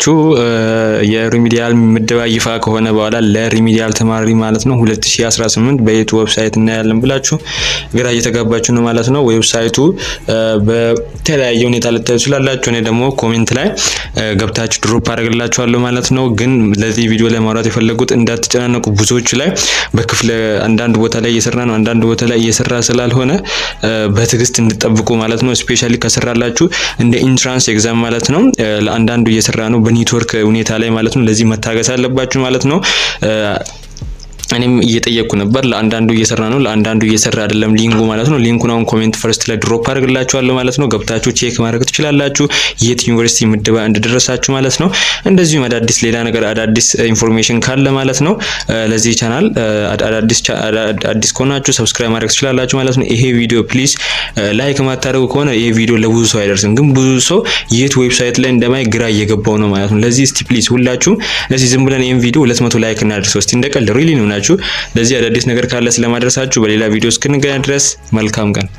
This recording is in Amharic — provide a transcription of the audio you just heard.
ችሁ የሪሚዲያል ምደባ ይፋ ከሆነ በኋላ ለሪሚዲያል ተማሪ ማለት ነው 2018 በየቱ ዌብሳይት እናያለን ብላችሁ ግራ እየተጋባችሁ ነው ማለት ነው። ዌብሳይቱ በተለያየ ሁኔታ ልታዩ ትችላላችሁ። እኔ ደግሞ ኮሜንት ላይ ገብታችሁ ድሮፕ አደርግላችኋለሁ ማለት ነው። ግን ለዚህ ቪዲዮ ላይ ማውራት የፈለጉት እንዳትጨናነቁ፣ ብዙዎች ላይ በክፍለ አንዳንድ ቦታ ላይ እየሰራ ነው፣ አንዳንድ ቦታ ላይ እየሰራ ስላልሆነ በትዕግስት እንድጠብቁ ማለት ነው። ስፔሻሊ ከሰራላችሁ እንደ ኢንትራንስ ኤግዛም ማለት ነው ለአንዳንዱ እየሰራ ነው በኔትወርክ ሁኔታ ላይ ማለት ነው። ለዚህ መታገስ አለባችሁ ማለት ነው። እኔም እየጠየኩ ነበር። ለአንዳንዱ እየሰራ ነው፣ ለአንዳንዱ እየሰራ አይደለም። ሊንኩ ማለት ነው። ሊንኩን አሁን ኮሜንት ፈርስት ላይ ድሮፕ አድርግላችኋለሁ ማለት ነው። ገብታችሁ ቼክ ማድረግ ትችላላችሁ፣ የት ዩኒቨርሲቲ ምደባ እንደደረሳችሁ ማለት ነው። እንደዚሁም አዳዲስ ሌላ ነገር አዳዲስ ኢንፎርሜሽን ካለ ማለት ነው ለዚህ ቻናል አዳዲስ ከሆናችሁ ሰብስክራይብ ማድረግ ትችላላችሁ ማለት ነው። ይሄ ቪዲዮ ፕሊስ ላይክ ማታደርጉ ከሆነ ይሄ ቪዲዮ ለብዙ ሰው አይደርስም፣ ግን ብዙ ሰው የት ዌብሳይት ላይ እንደማይ ግራ እየገባው ነው ማለት ነው። ለዚህ እስቲ ፕሊስ ሁላችሁም እስቲ ዝም ብለን ይሄን ቪዲዮ 200 ላይክ እናደርሰው እስቲ እንደቀል ሪሊ ነው ትችላላችሁ። ለዚህ አዳዲስ ነገር ካለ ስለማድረሳችሁ በሌላ ቪዲዮ እስክንገናኝ ድረስ መልካም ቀን